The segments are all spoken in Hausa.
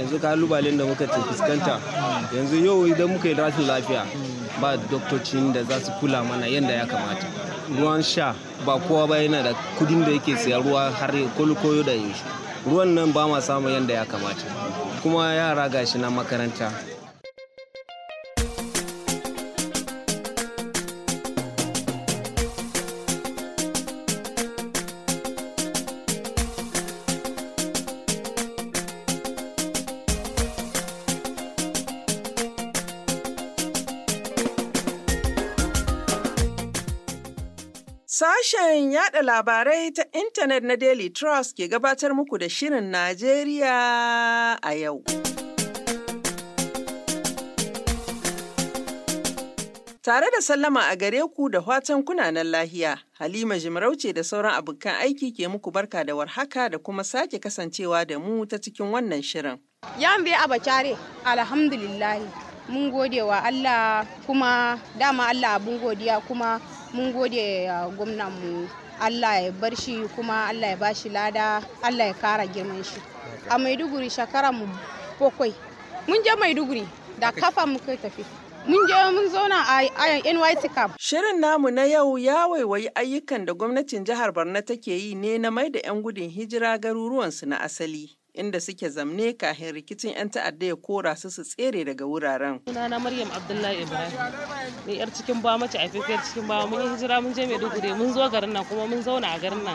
yanzu kalubalen da muka fuskanta yanzu yau idan muka yi rashin lafiya ba doktocin da za su kula mana yadda ya kamata ruwan sha ba kowa ba yana da kudin da yake siya ruwa har koyo da yaushe ruwan nan ba ma samu yadda ya kamata kuma yara gashi na makaranta Sashen yada labarai ta intanet na Daily Trust ke gabatar muku da Shirin Najeriya a yau. Tare da sallama a gare ku da watan kunanan lahiya, Halima Jimarauce da sauran abokan aiki ke muku barka da warhaka da kuma sake kasancewa da mu ta cikin wannan shirin. Yan bai abacare, alhamdulillahi, mun gode wa Allah kuma dama Allah abun godiya kuma mun gode uh, gwamnan mu Allah ya bar shi kuma Allah ya ba shi lada Allah ya kara girman shi a Maiduguri shakara mu bakwai mun je Maiduguri da kafa mu kai tafi Mun je mun zauna a NYC Camp. Shirin namu na yau ya waiwayi ayyukan da gwamnatin jihar Barna take yi ne na mai da 'yan gudun hijira garuruwansu na asali. inda suke zamne kahin rikicin 'yan ta'adda ya kora su su tsere daga wuraren. Sunana Maryam Abdullahi Ibrahim. Ni yar cikin ba mace a fifiyar cikin ba mun yi hijira mun je Maiduguri mun zo garin nan kuma mun zauna a garin nan.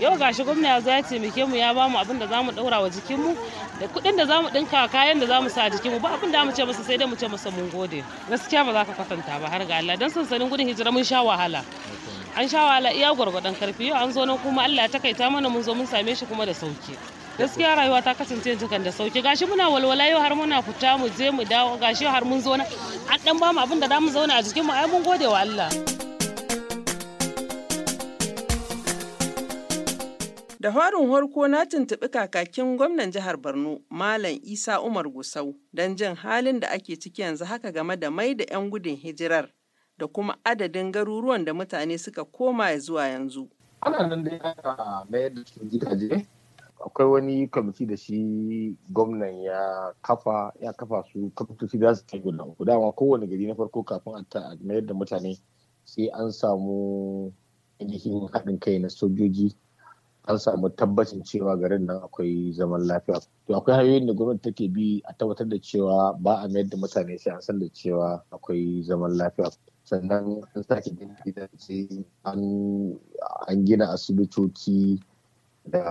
Yau gashi gwamna ya zo ya taimake mu ya bamu abin da zamu daura wa jikin mu da kuɗin da zamu dinka kayan da zamu sa jikin mu ba abin da mu ce masa sai dai mu ce masa mun gode. Gaskiya ba za ka kwatanta ba har ga Allah dan sansanin gudun hijira mun sha wahala. An sha wahala iya gwargwadon karfi yau an zo nan kuma Allah ya takaita mana mun zo mun same shi kuma da sauki. gaskiya rayuwa ta kasance jikan da sauki gashi muna walwala yau har muna fita mu je mu dawo gashi har mun zo na an dan mu abin da mu zauna a jikin mu ai mun gode wa Allah Da farin harko na tuntubi kakakin gwamnan jihar Borno, Malam Isa Umar Gusau, don jin halin da ake ciki yanzu haka game da mai da 'yan gudun hijirar da kuma adadin garuruwan da mutane suka koma zuwa yanzu. Ana nan da ya mayar da su gidaje akwai wani kwamiti da shi gwamnan ya kafa ya kafa su kwamitoci da su kai guda uku dama kowane gari na farko kafin a ta mayar da mutane sai an samu ainihin haɗin kai na sojoji an samu tabbacin cewa garin nan akwai zaman lafiya to akwai hanyoyin da gwamnati take bi a tabbatar da cewa ba a mayar da mutane sai an san da cewa akwai zaman lafiya sannan an sake gina an gina asibitoci da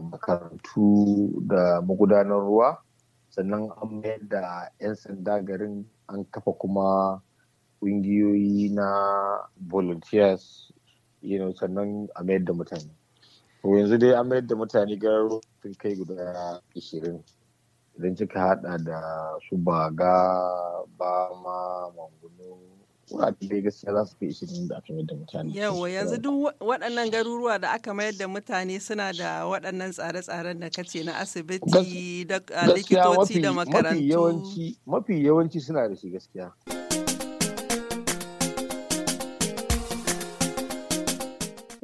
makarantu da magudanar ruwa sannan an mayar da 'yan sanda garin an kafa kuma ƙungiyoyi na volunteers you know, sannan a mayar da mutane yanzu dai an mayar da mutane garin rufin kai guda 20 idan cika hada da su baga ba ma mangunu wurare dai gaskiya za su fi ishirin da aka mayar da mutane. Yawa yanzu duk waɗannan garuruwa da aka mayar da mutane suna da waɗannan tsare-tsaren da kace na asibiti da likitoci da makarantu. Mafi yawanci suna da shi gaskiya.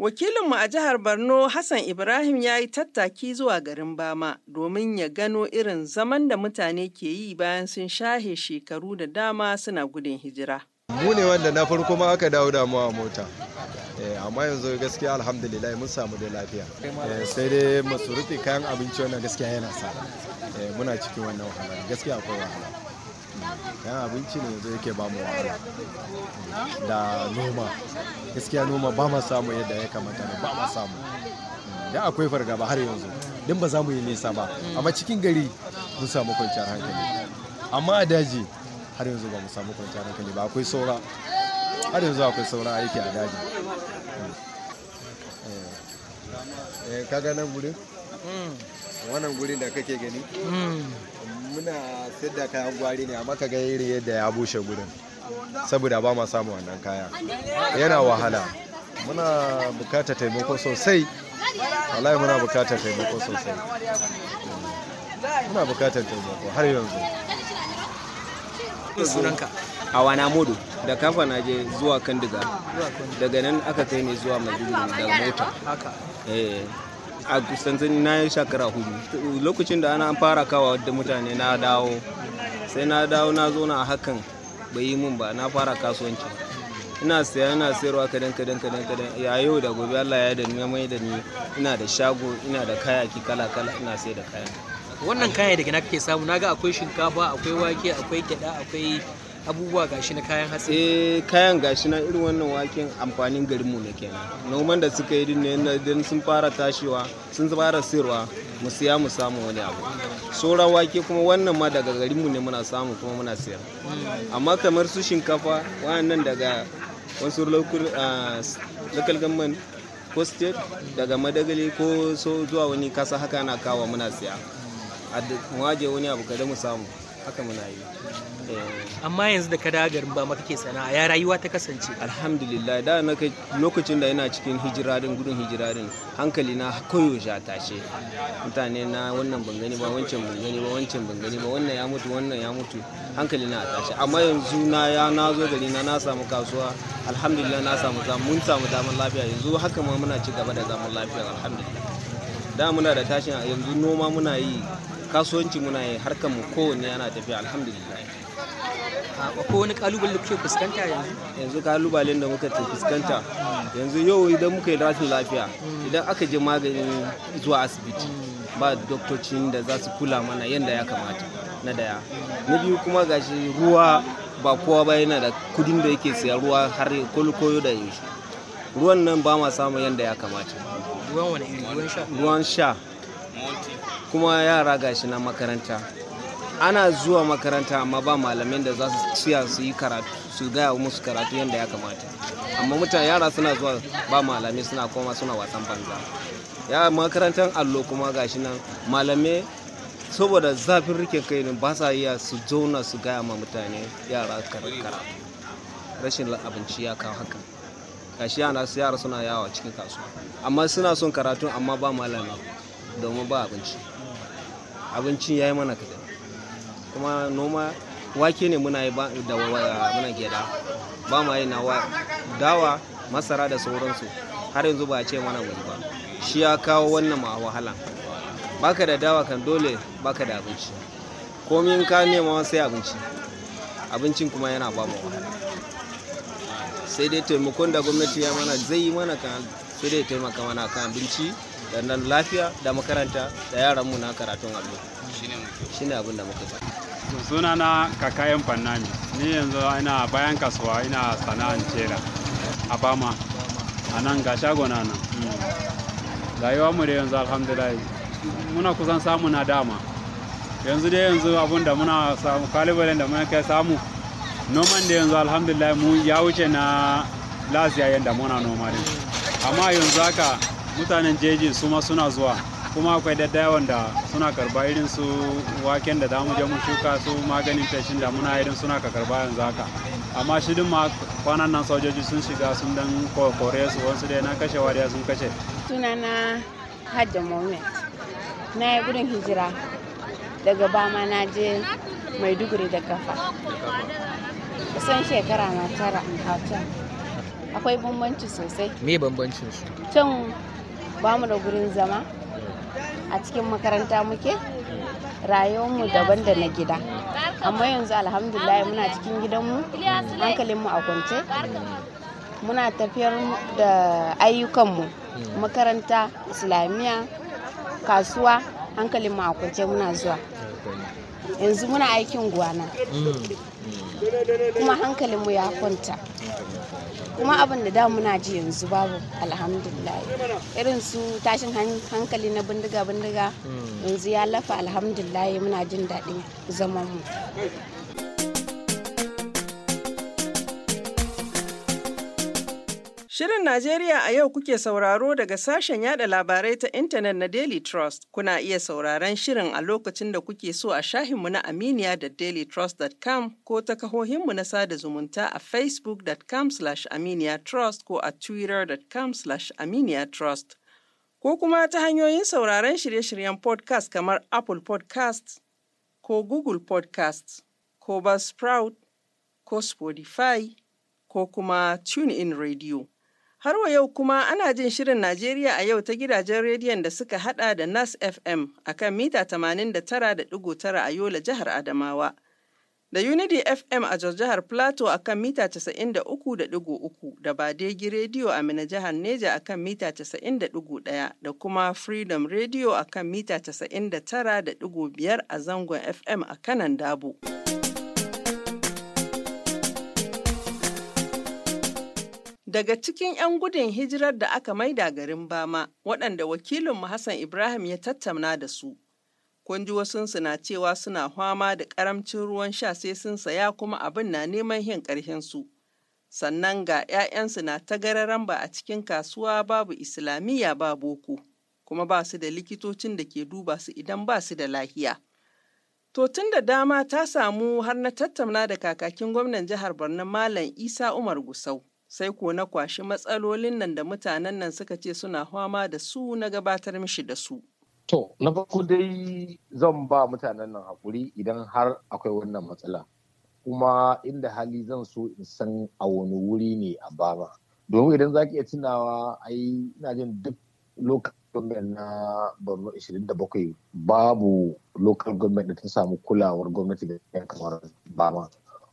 Wakilinmu a jihar Borno Hassan Ibrahim ya yi tattaki zuwa garin Bama domin ya gano irin zaman da mutane ke yi bayan sun shahe shekaru da dama suna gudun hijira. mu ne wanda na farko ma aka dawo damuwa a mota eh, amma yanzu gaskiya alhamdulillah mun samu da lafiya eh, sai dai masurufi kayan abinci wannan gaskiya yana sa eh, muna cikin wannan wahala gaskiya akwai wahala kayan abinci ne yanzu yake ba mu wahala da noma gaskiya noma ba ma samu yadda ya kamata ba ma samu da akwai fargaba har yanzu din ba za mu yi nisa ba amma cikin gari mun samu kwanciyar hankali amma a daji har yanzu ba mu samu kwanciyar hankali ba akwai saura har yanzu akwai saura aiki a daji eh, eh, kaga nan gurin hmm. wannan gurin da kake gani hmm. muna sayar da kayan gwari ne amma kaga irin yadda ya bushe gurin saboda ba ma samu wannan kaya yana wahala muna bukatar taimako sosai wallahi muna bukatar taimako sosai muna bukatar taimako har yanzu sunanka a wana modu da kafa na je zuwa kandiga daga nan aka kai ne zuwa maiduguri daga mota eh, a kusantin na yi shakara hudu lokacin da ana fara kawa da mutane na dawo sai na dawo na zo na hakan bai yi mun ba na fara kasuwanci ina siya ina sayarwa kadan kadan kadan kadan ya yau da gobe Allah ya da ni mai da ni ina da shago ina da kayaki kala kala ina sai da kaya wannan kayan daga kake samu naga akwai shinkafa akwai wake akwai gyada akwai abubuwa gashi na kayan hatsi eh kayan gashi na irin wannan waken amfanin garinmu ne kenan noman da suka yi ne don sun fara tashiwa sun fara sirwa mu siya mu samu wani abu sauran wake kuma wannan ma daga garinmu ne muna samu kuma muna siya hmm. amma kamar su shinkafa wannan daga wasu ah, local government ko state daga madagali ko so zuwa wani kasa haka na kawo muna siya mu waje wani abu kada mu samu haka muna yi eh. amma yanzu da ka garin ba maka ke sana'a ya rayuwa ta kasance alhamdulillah da lokacin da yana cikin hijira din gudun hijira din hankali na koyaushe a tashe mutane na wannan ban gani ba wancan ban gani ba wancan ban gani ba wannan ya mutu wannan ya mutu hankali na a tashe amma yanzu na ya na zo gari na na samu kasuwa alhamdulillah na samu mun samu zaman lafiya yanzu haka ma muna ci gaba da zaman lafiya alhamdulillah da muna da tashin yanzu noma muna yi kasuwanci muna yi harkar mu kowanne yana tafiya alhamdulillah akwai wani kalubale da kuke fuskanta yanzu yanzu kalubalen da muka fuskanta yanzu yau idan muka yi rashin lafiya idan aka je magani zuwa asibiti ba doktocin da za su kula mana yadda ya kamata na daya na biyu kuma gashi ruwa ba kowa ba yana da kudin da yake siya ruwa har koyo da yaushe ruwan nan ba ma samun yadda ya kamata ruwan wani ruwan sha kuma yara shi na makaranta ana zuwa makaranta amma ba malamin da za su siya su yi karatu su gaya musu karatu yadda ya kamata amma mutane yara suna zuwa ba malami suna koma suna wasan banza ya makarantar allo kuma shi nan malamai saboda zafin rike kai ne ba sa iya su zauna su gaya ma mutane yara karatu rashin abinci ya kawo haka ga yana yara suna yawa cikin kasuwa amma suna son karatu amma ba malami domin ba abinci abincin ya yi mana kaɗan kuma noma wake ne muna yi da muna gida ba ma yi na dawa masara da sauransu har yanzu ba a ce mana wani ba shi ya kawo wannan ma wahalan baka da dawa kan dole baka da abinci komin ka nema sai abinci abincin kuma yana ba mu wahala sai dai taimakon da gwamnati ya mana zai yi mana kan sai dai taimaka mana kan abinci da nan lafiya da makaranta da yaran mu na karatun allo shine abin da muka sa suna na kakayen fannani ni yanzu ina bayan kasuwa ina sana'an cera a bama a nan ga shagona nan hmm. rayuwa mu da yanzu alhamdulillah muna kusan samu na dama yanzu dai yanzu abin da muna samu kalibalen da muna kai samu noman da yanzu alhamdulillah mu ya wuce na lasiya yadda muna noma din amma yanzu haka mutanen jeji su ma suna zuwa kuma akwai daddawan da suna karba irin su waken da damu je mu shuka su maganin feshin da muna irin suna ka karba yanzu haka amma shi din ma kwanan nan sojoji sun shiga sun dan kore su wasu dai na kashe wariya sun kashe na hajja moment na yi gudun hijira daga bama na je maiduguri da kafa kusan shekara na tara a can akwai bambanci sosai me bambancin su can ba mu da gurin zama a cikin makaranta muke rayuwar mu daban da na gida amma yanzu alhamdulillah muna cikin gidanmu hankalinmu a kwance muna tafiyar da ayyukanmu makaranta islamiyya kasuwa hankalinmu a kwance muna zuwa yanzu muna aikin gwana mm. kuma hankalinmu ya kwanta kuma abin da da muna ji yanzu babu alhamdulillah irin su tashin hankali na bindiga bindiga hmm. yanzu ya lafa alhamdulillah muna jin daɗin zaman mu Shirin Najeriya a yau kuke sauraro daga sashen yada labarai ta intanet na Daily Trust. Kuna iya sauraron shirin a lokacin da kuke so a shahinmu na Aminiya da dailytrust.com ko ta kahohinmu na sada zumunta a facebook.com slash aminiyatrust ko a twitter.com slash aminiyatrust. Ko kuma ta hanyoyin sauraron shirye-shiryen podcast kamar Apple podcast ko Google podcast ko Buzzsprout ko Spotify ko kuma TuneIn Radio. Har wa yau kuma ana jin shirin Najeriya a yau ta gidajen rediyon da suka hada da Nas FM a kan mita 89.9 a Yola jihar Adamawa. Da Unity FM a jihar Plateau a kan mita 93.3 da Badegi Radio a Mina jihar Neja a kan mita 90.1 da kuma Freedom Radio a kan mita 99.5 a zangon FM a kanan Dabo. Daga cikin 'yan gudun hijirar da aka maida garin Bama, waɗanda wakilinmu Hassan Ibrahim ya tattauna da su, kun ji wasunsu na cewa suna hwama da ƙaramcin ruwan sha sai sun saya kuma abin na neman yin su, Sannan ga 'ya'yansu na ta gararan ba a cikin kasuwa babu Islamiyya ba boko, kuma ba su da likitocin da ke duba su idan ba su da lahiya. To tun da dama ta samu har na tattauna da kakakin gwamnan jihar Borno Malam Isa Umar Gusau. sai ko na kwashi matsalolin nan da mutanen nan suka ce suna fama da su na gabatar mishi da su. To, na farko dai zan ba mutanen nan haƙuri idan har akwai wannan matsala. Kuma inda hali zan so in san a wani wuri ne a bama. Domin idan za ka iya tunawa ai ina jin duk lokacin gwamnati na Borno 27 babu lokal gwamnati da ta samu kulawar gwamnati da kamar bama.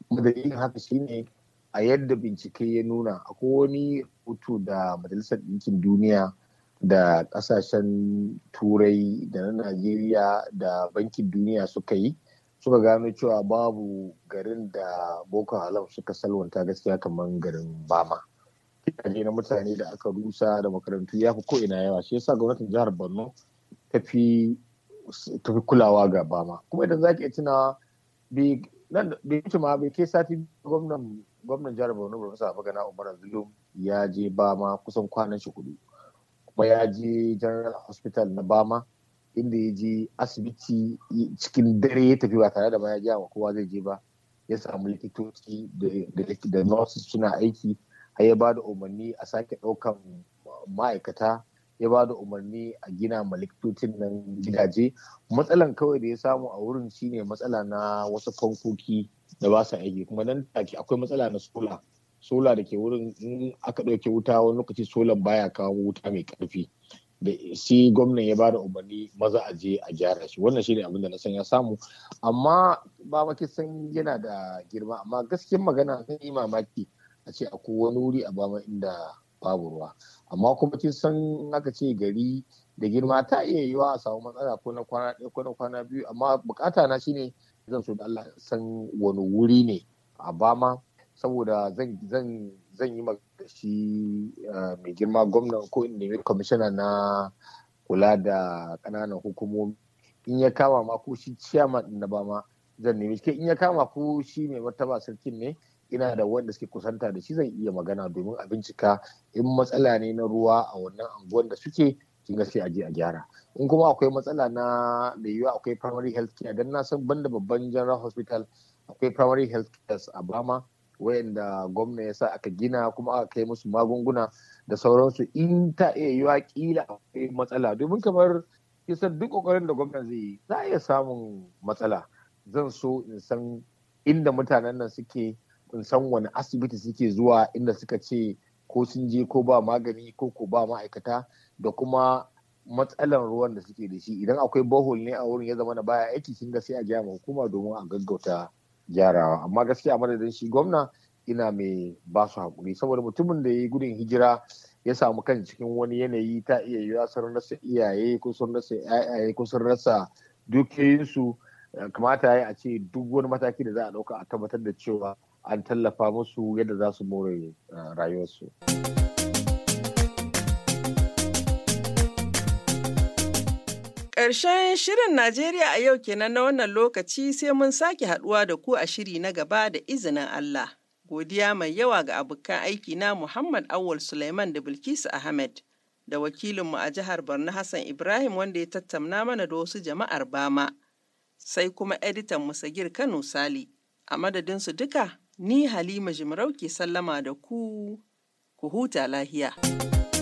Kuma dalilin haka shine a yadda bincike ya nuna akwai wani hutu da majalisar ɗinkin duniya da ƙasashen turai da na najeriya da bankin duniya suka yi suka gano cewa babu garin da boko haram suka salwanta gaskiya kamar garin bama gidaje na mutane da aka rusa da makarantu ya fi ko'ina yawa shi yasa gwamnatin jihar borno ta fi kulawa ga bama kuma idan za ki iya tunawa bai ma bai sati gwamnan gwamnan jihar borno professor abagana umar zulum ya je bama kusan kwanan shi hudu kuma ya je general hospital na bama inda ya je asibiti cikin dare ya tafi ba tare da ma ya ji wa kowa zai je ba ya samu likitoci da nurses suna aiki har ya ba da umarni a sake ɗaukan ma'aikata ya ba da umarni a gina ma likitocin nan gidaje matsalan kawai da ya samu a wurin shine matsala na wasu fankoki da ba sa aiki kuma nan take akwai matsala na sola sola da ke wurin in aka ɗauke wuta wani lokaci solan baya kawo wuta mai ƙarfi da si gwamnan ya bada umarni maza a je a gyara shi wannan shine abin da na san ya samu amma ba maki san yana da girma amma gaskiyar magana zan yi mamaki a ce akwai wani wuri a bama inda babu ruwa amma kuma kin san aka ce gari da girma ta iya yiwa a samu matsala ko na kwana ɗaya ko na kwana biyu amma bukata na shine zan so da Allah san wani wuri ne a bama saboda zan zan zan yi shi eh, mai girma gwamnan ko in nemi kwamishina na kula da kananan hukumomi in ya kama ma ko shi ciyaman na bama zan nemi shi in ya kama ko shi mai martaba sarkin ne ina da wanda suke kusanta da shi zan iya magana domin a bincika in matsala ne na ruwa a wannan anguwan da suke kin ga sai a je a gyara in kuma akwai matsala na mai yiwuwa akwai primary health care dan na san banda babban general hospital akwai primary health care a bama wayanda gwamna ya sa aka gina kuma aka kai musu magunguna da sauransu in ta iya yiwuwa kila akwai matsala domin kamar kisan duk kokarin da gwamna zai yi za a iya samun matsala zan so in san inda mutanen nan suke in san wani asibiti suke zuwa inda suka ce ko sun je ko ba magani ko ko ba ma'aikata da kuma matsalan ruwan da suke da shi idan akwai bohol ne a wurin ya zama na baya aiki sun ga sai a gyara hukuma domin a gaggauta gyarawa amma gaskiya madadin shi gwamna ina mai ba su hakuri saboda mutumin da ya yi gudun hijira ya samu kan cikin wani yanayi ta iya yiwa sun rasa iyaye ko sun rasa iyaye ko sun rasa dukiyoyinsu kamata ya a ce duk wani mataki da za a ɗauka a tabbatar da cewa an tallafa musu yadda za su more eh, rayuwarsu. Ƙarshen shirin Najeriya a yau kenan na wannan lokaci sai mun sake haɗuwa da ku a shiri na gaba da izinin Allah. Godiya mai yawa ga abokan aiki na Muhammad Awul Suleiman da Bilkisu Ahmed da wakilinmu a jihar Borno Hassan Ibrahim wanda ya tattauna mana da wasu jama'ar Bama. Sai kuma editan Musagir Kano Sali. a madadinsu duka Ni Halima Jimarau ke sallama da ku, ku huta lahiya.